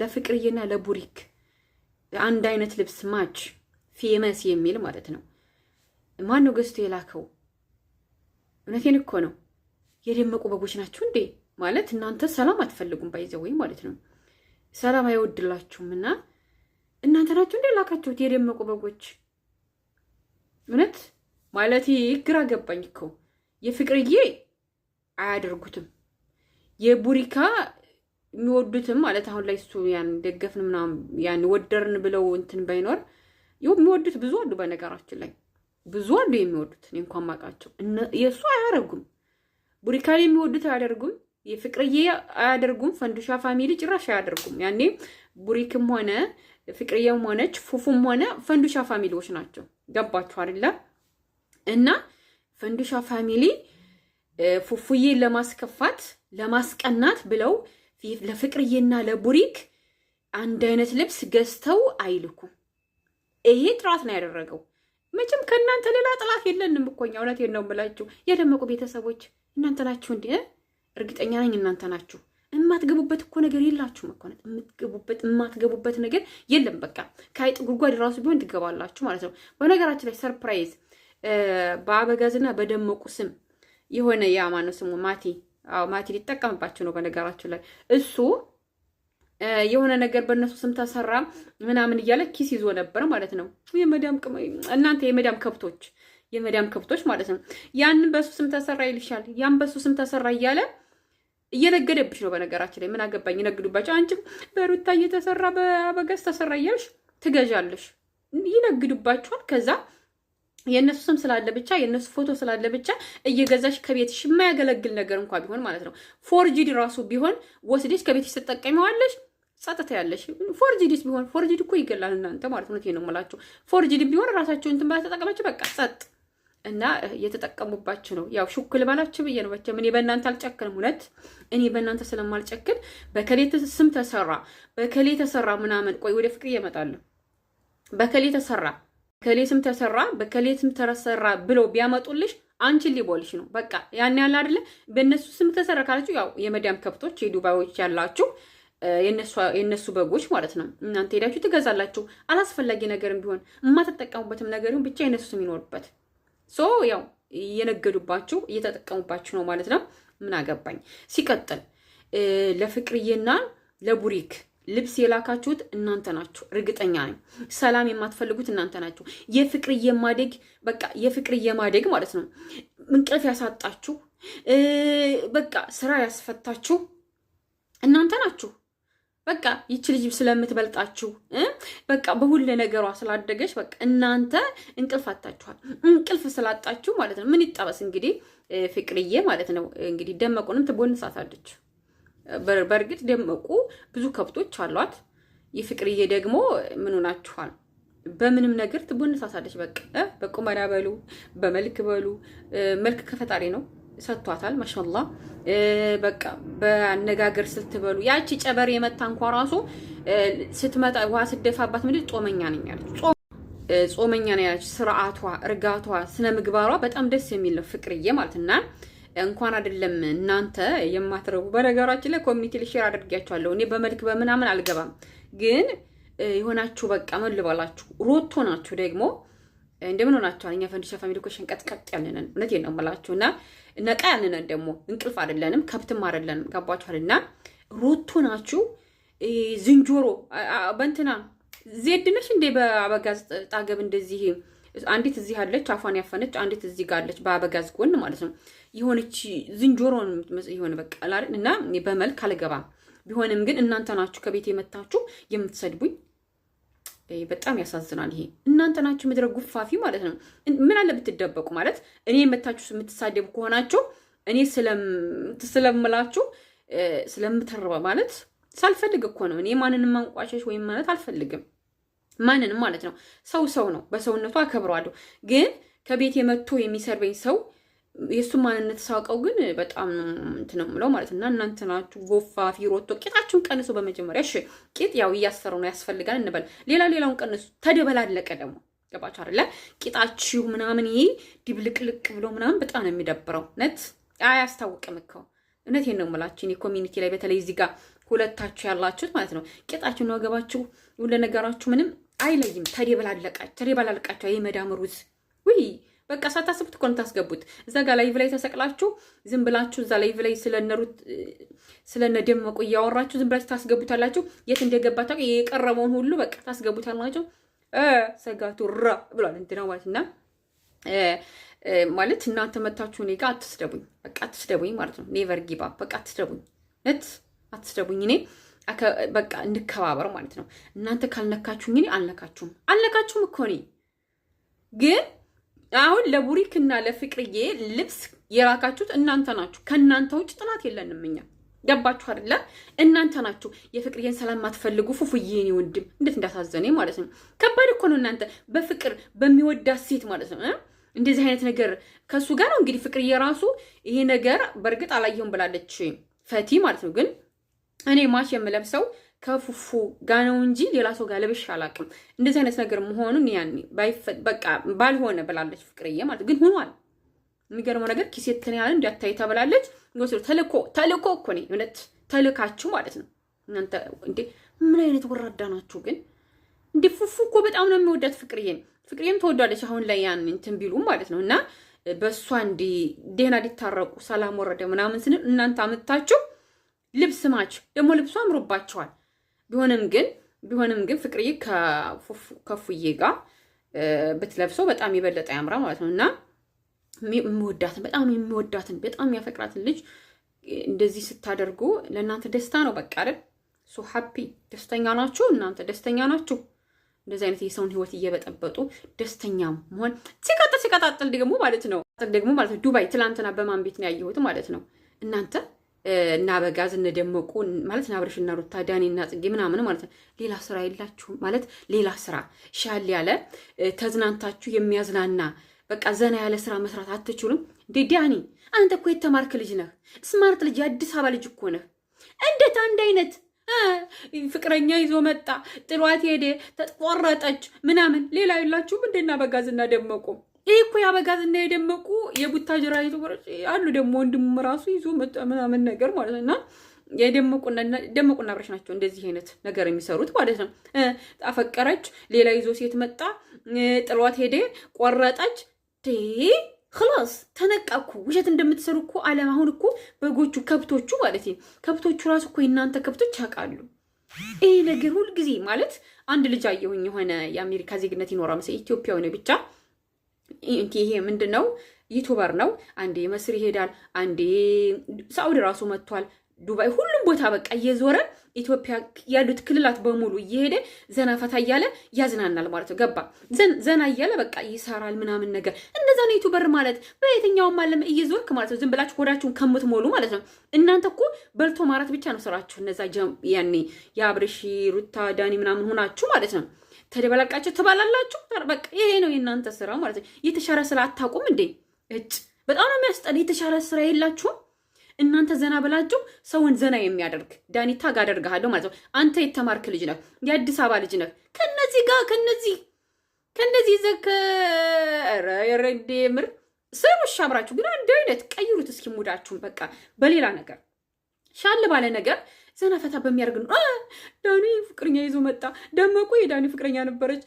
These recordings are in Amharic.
ለፍቅርዬና ለቡሪክ አንድ አይነት ልብስ ማች ፌመስ የሚል ማለት ነው። ማን ነው ገዝቶ የላከው? እውነቴን እኮ ነው። የደመቁ በጎች ናችሁ እንዴ? ማለት እናንተ ሰላም አትፈልጉም፣ ባይዘወይ ማለት ነው። ሰላም አይወድላችሁም። እና እናንተ ናችሁ እንዴ ላካችሁት? የደመቁ በጎች እውነት ማለት ግራ ገባኝ እኮ። የፍቅርዬ አያደርጉትም የቡሪካ የሚወዱትም ማለት አሁን ላይ እሱ ያን ደገፍን ምናምን ያን ወደርን ብለው እንትን ባይኖር የሚወዱት ብዙ አሉ። በነገራችን ላይ ብዙ አሉ የሚወዱት እኔ እንኳን ማውቃቸው። የእሱ አያደርጉም፣ ቡሪካል የሚወዱት አያደርጉም፣ የፍቅርዬ አያደርጉም፣ ፈንዱሻ ፋሚሊ ጭራሽ አያደርጉም። ያኔ ቡሪክም ሆነ ፍቅርዬም ሆነች ፉፉም ሆነ ፈንዱሻ ፋሚሊዎች ናቸው። ገባችሁ አይደለ? እና ፈንዱሻ ፋሚሊ ፉፉዬን ለማስከፋት ለማስቀናት ብለው ለፍቅርዬና ለቡሪክ አንድ አይነት ልብስ ገዝተው አይልኩም። ይሄ ጥራት ነው ያደረገው። መቼም ከእናንተ ሌላ ጥላት የለንም እኮ እኛ። እውነቴን ነው የምላችሁ የደመቁ ቤተሰቦች እናንተ ናችሁ። እንዲ እርግጠኛ ነኝ እናንተ ናችሁ። የማትገቡበት እኮ ነገር የላችሁም እኮ ነው የምትገቡበት። የማትገቡበት ነገር የለም። በቃ ከአይጥ ጉድጓድ ራሱ ቢሆን ትገባላችሁ ማለት ነው። በነገራችን ላይ ሰርፕራይዝ በአበጋዝና በደመቁ ስም የሆነ የአማነው ስሙ ማቲ አዎ ማቲ ሊጠቀምባቸው ነው። በነገራችን ላይ እሱ የሆነ ነገር በእነሱ ስም ተሰራ ምናምን እያለ ኪስ ይዞ ነበር ማለት ነው። የመዳም እናንተ የመዳም ከብቶች የመዳም ከብቶች ማለት ነው። ያንን በሱ ስም ተሰራ ይልሻል፣ ያን በሱ ስም ተሰራ እያለ እየነገደብሽ ነው። በነገራችን ላይ ምን አገባኝ ይነግዱባቸው። አንቺም በሩታ እየተሰራ በአበጋዝ ተሰራ እያልሽ ትገዣለሽ፣ ይነግዱባቸዋል ከዛ የእነሱ ስም ስላለ ብቻ የእነሱ ፎቶ ስላለ ብቻ እየገዛሽ ከቤትሽ የማያገለግል ነገር እንኳ ቢሆን ማለት ነው ፎርጂድ ራሱ ቢሆን ወስደሽ ከቤትሽ ትጠቀሚዋለሽ። ጸጥታ ያለሽ ፎርጂዲስ ቢሆን ፎርጂድ እኮ ይገላል። እናንተ ማለት ነው ነው የምላችሁ ፎርጂድ ቢሆን ራሳቸውን እንትን ባለተጠቀማችሁ በቃ ጸጥ እና እየተጠቀሙባችሁ ነው። ያው ሹክል ባላችሁ ብዬ ነው። መቼም እኔ በእናንተ አልጨክንም። እውነት እኔ በእናንተ ስለማልጨክን በከሌ ስም ተሰራ በከሌ ተሰራ ምናምን ቆይ ወደ ፍቅር እየመጣለሁ በከሌ ተሰራ ከሌትም ተሰራ በከሌትም ተሰራ ብለው ቢያመጡልሽ አንቺ ሊቦልሽ ነው። በቃ ያን ያለ አይደለ በእነሱ ስም ተሰራ ካላችሁ ያው የመዳም ከብቶች የዱባዮች ያላችሁ የእነሱ በጎች ማለት ነው። እናንተ ሄዳችሁ ትገዛላችሁ። አላስፈላጊ ነገርም ቢሆን የማትጠቀሙበትም ነገር ብቻ የእነሱ ስም ይኖርበት። ሶ ያው እየነገዱባችሁ እየተጠቀሙባችሁ ነው ማለት ነው። ምን አገባኝ። ሲቀጥል ለፍቅርዬና ለቡሪክ ልብስ የላካችሁት እናንተ ናችሁ፣ እርግጠኛ ነኝ። ሰላም የማትፈልጉት እናንተ ናችሁ። የፍቅር የማደግ በቃ የፍቅር የማደግ ማለት ነው። እንቅልፍ ያሳጣችሁ፣ በቃ ስራ ያስፈታችሁ እናንተ ናችሁ። በቃ ይቺ ልጅ ስለምትበልጣችሁ በቃ በሁሉ ነገሯ ስላደገች በቃ እናንተ እንቅልፍ አታችኋል። እንቅልፍ ስላጣችሁ ማለት ነው ምን ይጠበስ እንግዲህ ፍቅርዬ ማለት ነው እንግዲህ ደመቁንም ትቦንሳታለች። በእርግጥ ደመቁ ብዙ ከብቶች አሏት። የፍቅርዬ ደግሞ ምን ሆናችኋል? በምንም ነገር ትቦነሳሳለች። በቃ በቁመና በሉ በመልክ በሉ መልክ ከፈጣሪ ነው ሰጥቷታል። ማሻላ በቃ በአነጋገር ስትበሉ ያቺ ጨበር የመታ እንኳ ራሱ ስትመጣ ውሃ ስትደፋባት ምንድን ጾመኛ ነኝ ያለች ጾመኛ ነኝ ያለች። ስርዓቷ፣ እርጋቷ፣ ስነ ምግባሯ በጣም ደስ የሚል ነው። ፍቅርዬ ማለት ነው። እንኳን አይደለም እናንተ የማትረቡ በነገራችን ላይ ኮሚኒቲ ልሼር አድርጊያቸዋለሁ። እኔ በመልክ በምናምን አልገባም፣ ግን የሆናችሁ በቃ ምን ልበላችሁ ሮቶ ናችሁ ደግሞ እንደምን ሆናችኋል? እኛ ፈንዲሻ ፋሚሊ እኮ ሸንቀጥቀጥ ያለንን እውነቴን ነው የምላችሁ። እና ነቃ ያለንን ደግሞ እንቅልፍ አይደለንም ከብትም አይደለንም። ገባችኋል? እና ሮቶ ናችሁ ዝንጆሮ በእንትና ዜድነሽ እንዴ በአበጋዝ ጣገብ እንደዚህ አንዲት እዚህ አለች፣ አፏን ያፈነች አንዲት እዚህ ጋር አለች፣ በአበጋዝ ጎን ማለት ነው። የሆነች ዝንጀሮ የሆነ በቃ እና በመልክ አልገባም። ቢሆንም ግን እናንተ ናችሁ ከቤት የመታችሁ የምትሰድቡኝ። በጣም ያሳዝናል። ይሄ እናንተ ናችሁ ምድረ ጉፋፊ ማለት ነው። ምን አለ ብትደበቁ ማለት እኔ የመታችሁ የምትሳደቡ ከሆናችሁ እኔ ስለምላችሁ ስለምተርበ ማለት ሳልፈልግ እኮ ነው። እኔ ማንንም ማንቋሸሽ ወይም ማለት አልፈልግም። ማንንም ማለት ነው። ሰው ሰው ነው፣ በሰውነቱ አከብረዋለሁ። ግን ከቤት የመጥቶ የሚሰርበኝ ሰው የእሱ ማንነት ሳውቀው ግን በጣም እንትን ነው የምለው ማለት እና እናንተ ናችሁ ጎፋ ፊሮቶ ቂጣችሁን ቀንሶ በመጀመሪያ እሺ፣ ቂጥ ያው እያሰረው ነው ያስፈልጋል እንበል። ሌላ ሌላውን ቀንሱ። ተደበላለቀ ደግሞ ገባችሁ አይደለ? ቂጣችሁ ምናምን ይሄ ድብልቅልቅ ብሎ ምናምን በጣም ነው የሚደብረው። ነት አያስታውቅም እኮ እውነቴን ነው የምላችሁ። እኔ ኮሚኒቲ ላይ በተለይ እዚህ ጋር ሁለታችሁ ያላችሁት ማለት ነው ቂጣችሁን ወገባችሁ ሁሉ ነገራችሁ ምንም አይለይም። ተደበላለቃች ተደበላለቃቸው የመዳም ሩዝ ውይ በቃ ሳታስቡት እኮ ነው የምታስገቡት። እዛ ጋር ላይቭ ላይ ተሰቅላችሁ ዝም ብላችሁ እዛ ላይቭ ላይ ስለነሩት ስለነደመቁ እያወራችሁ ዝም ብላችሁ ታስገቡታላችሁ። የት እንደገባ ታውቅ የቀረበውን ሁሉ በቃ ታስገቡታላችሁ። ሰጋቱ ራ ብሏል እንትና ማለት እና ማለት እናንተ መታችሁ እኔ ጋር አትስደቡኝ፣ በቃ አትስደቡኝ ማለት ነው። ኔቨር ጊባ በቃ አትስደቡኝ ነት አትስደቡኝ እኔ በቃ እንከባበር ማለት ነው። እናንተ ካልነካችሁኝ እኔ አልነካችሁም አልነካችሁም እኮ እኔ ግን አሁን ለቡሪክና ለፍቅርዬ ልብስ የላካችሁት እናንተ ናችሁ። ከእናንተ ውጭ ጥናት የለንም እኛ። ገባችሁ አይደለ? እናንተ ናችሁ የፍቅርዬን ሰላም ማትፈልጉ። ፉፉዬን ወንድም እንዴት እንዳሳዘነ ማለት ነው። ከባድ እኮ ነው እናንተ በፍቅር በሚወዳት ሴት ማለት ነው። እንደዚህ አይነት ነገር ከእሱ ጋር ነው እንግዲህ። ፍቅርዬ ራሱ ይሄ ነገር በእርግጥ አላየሁም ብላለች ፈቲ ማለት ነው ግን እኔ ማሽ የምለብሰው ከፉፉ ጋ ነው እንጂ ሌላ ሰው ጋር ለብሽ አላቅም። እንደዚህ አይነት ነገር መሆኑን ያኔ በቃ ባልሆነ ብላለች ፍቅርዬ ማለት ግን ሆኗል። የሚገርመው ነገር ኪሴትን ያለ እንዲያታይ ተብላለች። ተልኮ ተልኮ እኮ እኔ እውነት ተልካችሁ ማለት ነው እናንተ እንዴ! ምን አይነት ወራዳ ናችሁ ግን? እንዴ ፉፉ እኮ በጣም ነው የሚወዳት ፍቅርዬን። ፍቅርዬም ተወዳለች አሁን ላይ ያን እንትን ቢሉ ማለት ነው እና በእሷ እንዲ ደህና ሊታረቁ ሰላም ወረደ ምናምን ስንል እናንተ አምታችሁ ልብስ ማች ደግሞ ልብሱ አምሮባቸዋል። ቢሆንም ግን ቢሆንም ግን ፍቅርዬ ከፉዬ ጋር ብትለብሰው በጣም የበለጠ ያምራ ማለት ነው እና የሚወዳትን በጣም የሚወዳትን በጣም የሚያፈቅራትን ልጅ እንደዚህ ስታደርጉ ለእናንተ ደስታ ነው። በቃ አይደል ሶ ሀፒ ደስተኛ ናችሁ እናንተ ደስተኛ ናችሁ። እንደዚህ አይነት የሰውን ህይወት እየበጠበጡ ደስተኛ መሆን ሲቀጥል ሲቀጣጥል ደግሞ ማለት ነው ደግሞ ማለት ነው ዱባይ ትላንትና በማን ቤት ነው ያየሁት ማለት ነው እናንተ እና በጋዝ እንደመቁ ማለት ናብረሽ እና ሩታ ዳኒ እና ጽጌ ምናምን ማለት ነው። ሌላ ስራ የላችሁም ማለት ሌላ ስራ ሻል ያለ ተዝናንታችሁ የሚያዝናና በቃ ዘና ያለ ስራ መስራት አትችሉም እንዴ? ዳኒ አንተ እኮ የተማርክ ልጅ ነህ፣ ስማርት ልጅ፣ የአዲስ አበባ ልጅ እኮ ነህ። እንዴት አንድ አይነት ፍቅረኛ ይዞ መጣ፣ ጥሏት ሄደ፣ ተቆረጠች ምናምን ሌላ የላችሁም እንዴና እና ደመቁም ይህ እኮ ያበጋዝ እና የደመቁ የቡታጅራ የተቆረጭ አሉ ደግሞ ወንድሙ ራሱ ይዞ ምናምን ነገር ማለት ነው እና የደመቁና አብረሽ ናቸው እንደዚህ አይነት ነገር የሚሰሩት ማለት ነው። አፈቀረች፣ ሌላ ይዞ ሴት መጣ፣ ጥሏት ሄደ፣ ቆረጠች። ክላስ ተነቃኩ። ውሸት እንደምትሰሩ እኮ አለም አሁን እኮ በጎቹ ከብቶቹ ማለት ከብቶቹ ራሱ እኮ የእናንተ ከብቶች ያውቃሉ። ይህ ነገር ሁልጊዜ ማለት አንድ ልጅ አየሁኝ የሆነ የአሜሪካ ዜግነት ይኖራ መሰለኝ ኢትዮጵያዊ ነው ብቻ ይሄ ምንድን ነው? ዩቱበር ነው። አንዴ መስር ይሄዳል፣ አንዴ ሳውዲ ራሱ መጥቷል፣ ዱባይ፣ ሁሉም ቦታ በቃ እየዞረ ኢትዮጵያ ያሉት ክልላት በሙሉ እየሄደ ዘና ፈታ እያለ ያዝናናል ማለት ነው። ገባ ዘና እያለ በቃ ይሰራል ምናምን ነገር እንደዛ ነው ዩቱበር ማለት። በየትኛውም ዓለም እየዞርክ ማለት ነው፣ ዝም ብላችሁ ሆዳችሁን ከምትሞሉ ማለት ነው። እናንተ እኮ በልቶ ማራት ብቻ ነው ስራችሁ። እነዛ ያኔ የአብርሺ ሩታ ዳኒ ምናምን ሆናችሁ ማለት ነው። ተደበላልቃችሁ ትባላላችሁ። በቃ ይሄ ነው የእናንተ ስራ ማለት ነው። የተሻለ ስራ አታውቁም እንዴ? እጭ በጣም ነው የሚያስጠላ። የተሻለ ስራ የላችሁም እናንተ ዘና ብላችሁ ሰውን ዘና የሚያደርግ ዳኒታ ጋር አደርግሃለሁ ማለት ነው። አንተ የተማርክ ልጅ ነህ፣ የአዲስ አበባ ልጅ ነህ። ከነዚህ ጋር ከነዚህ ከነዚህ ዘከረ ዘከረረዴ ምር ስሩ። እሺ ግን አንድ አይነት ቀይሩት እስኪ ሙዳችሁን በቃ በሌላ ነገር ሻል ባለ ነገር ዘና ፈታ በሚያደርግ ነው። ዳኒ ፍቅረኛ ይዞ መጣ። ደመቁ የዳኒ ፍቅረኛ ነበረች።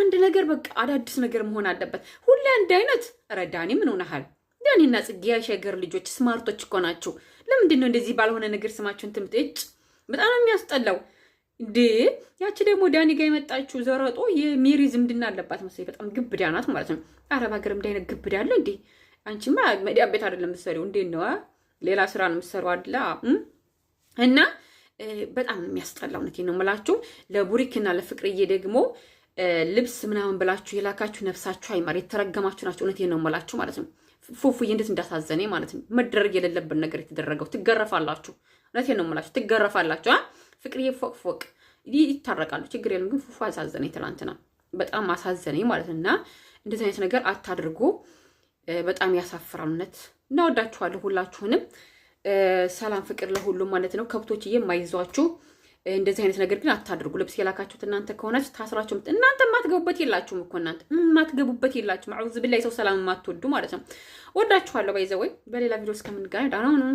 አንድ ነገር በቃ አዳዲስ ነገር መሆን አለበት። ሁሌ አንድ አይነት። ኧረ ዳኒ ምን ሆነሃል? ዳኒና ጽጌ ሸገር ልጆች ስማርቶች እኮ ናቸው። ለምንድን ነው እንደዚህ ባልሆነ ነገር ስማችሁን ትምት? እጭ በጣም የሚያስጠላው። እንዴ ያቺ ደግሞ ዳኒ ጋር የመጣችው ዘረጦ የሜሪ ዝምድና አለባት መሰለኝ። በጣም ግብዳ ናት ማለት ነው። አረብ ሀገርም እንዳይነት ግብዳ አለ እንዴ? አንቺማ መዲያ ቤት አይደለም ምሰሪው እንዴ ነው ሌላ ስራ ነው የምትሰሩ አድላ እና በጣም የሚያስጠላው ነቴ ነው የምላችሁ። ለቡሪክና ለፍቅርዬ ደግሞ ልብስ ምናምን ብላችሁ የላካችሁ ነፍሳችሁ አይማር የተረገማችሁ ናቸው። እውነቴን ነው የምላችሁ ማለት ነው። ፉፉዬ እንዴት እንዳሳዘነ ማለት ነው። መደረግ የሌለብን ነገር የተደረገው ትገረፋላችሁ። እውነቴን ነው የምላችሁ ትገረፋላችሁ። ፍቅርዬ ፎቅ ፎቅ ይታረቃሉ፣ ችግር የለም። ግን ፉፉ አሳዘነ ትላንትና፣ በጣም አሳዘኔ ማለት እና እንደዚህ አይነት ነገር አታድርጉ። በጣም ያሳፍራል። እውነት እናወዳችኋለሁ ሁላችሁንም። ሰላም ፍቅር ለሁሉም ማለት ነው። ከብቶች የማይዟችሁ እንደዚህ አይነት ነገር ግን አታድርጉ። ልብስ የላካችሁት እናንተ ከሆናችሁ ታስራችሁ እናንተ የማትገቡበት የላችሁም እኮ እናንተ የማትገቡበት የላችሁም። አዑዝ ብላይ ሰው ሰላም የማትወዱ ማለት ነው። ወዳችኋለሁ። ባይዘወይ በሌላ ቪዲዮ እስከምንገናኝ ዳና ነው።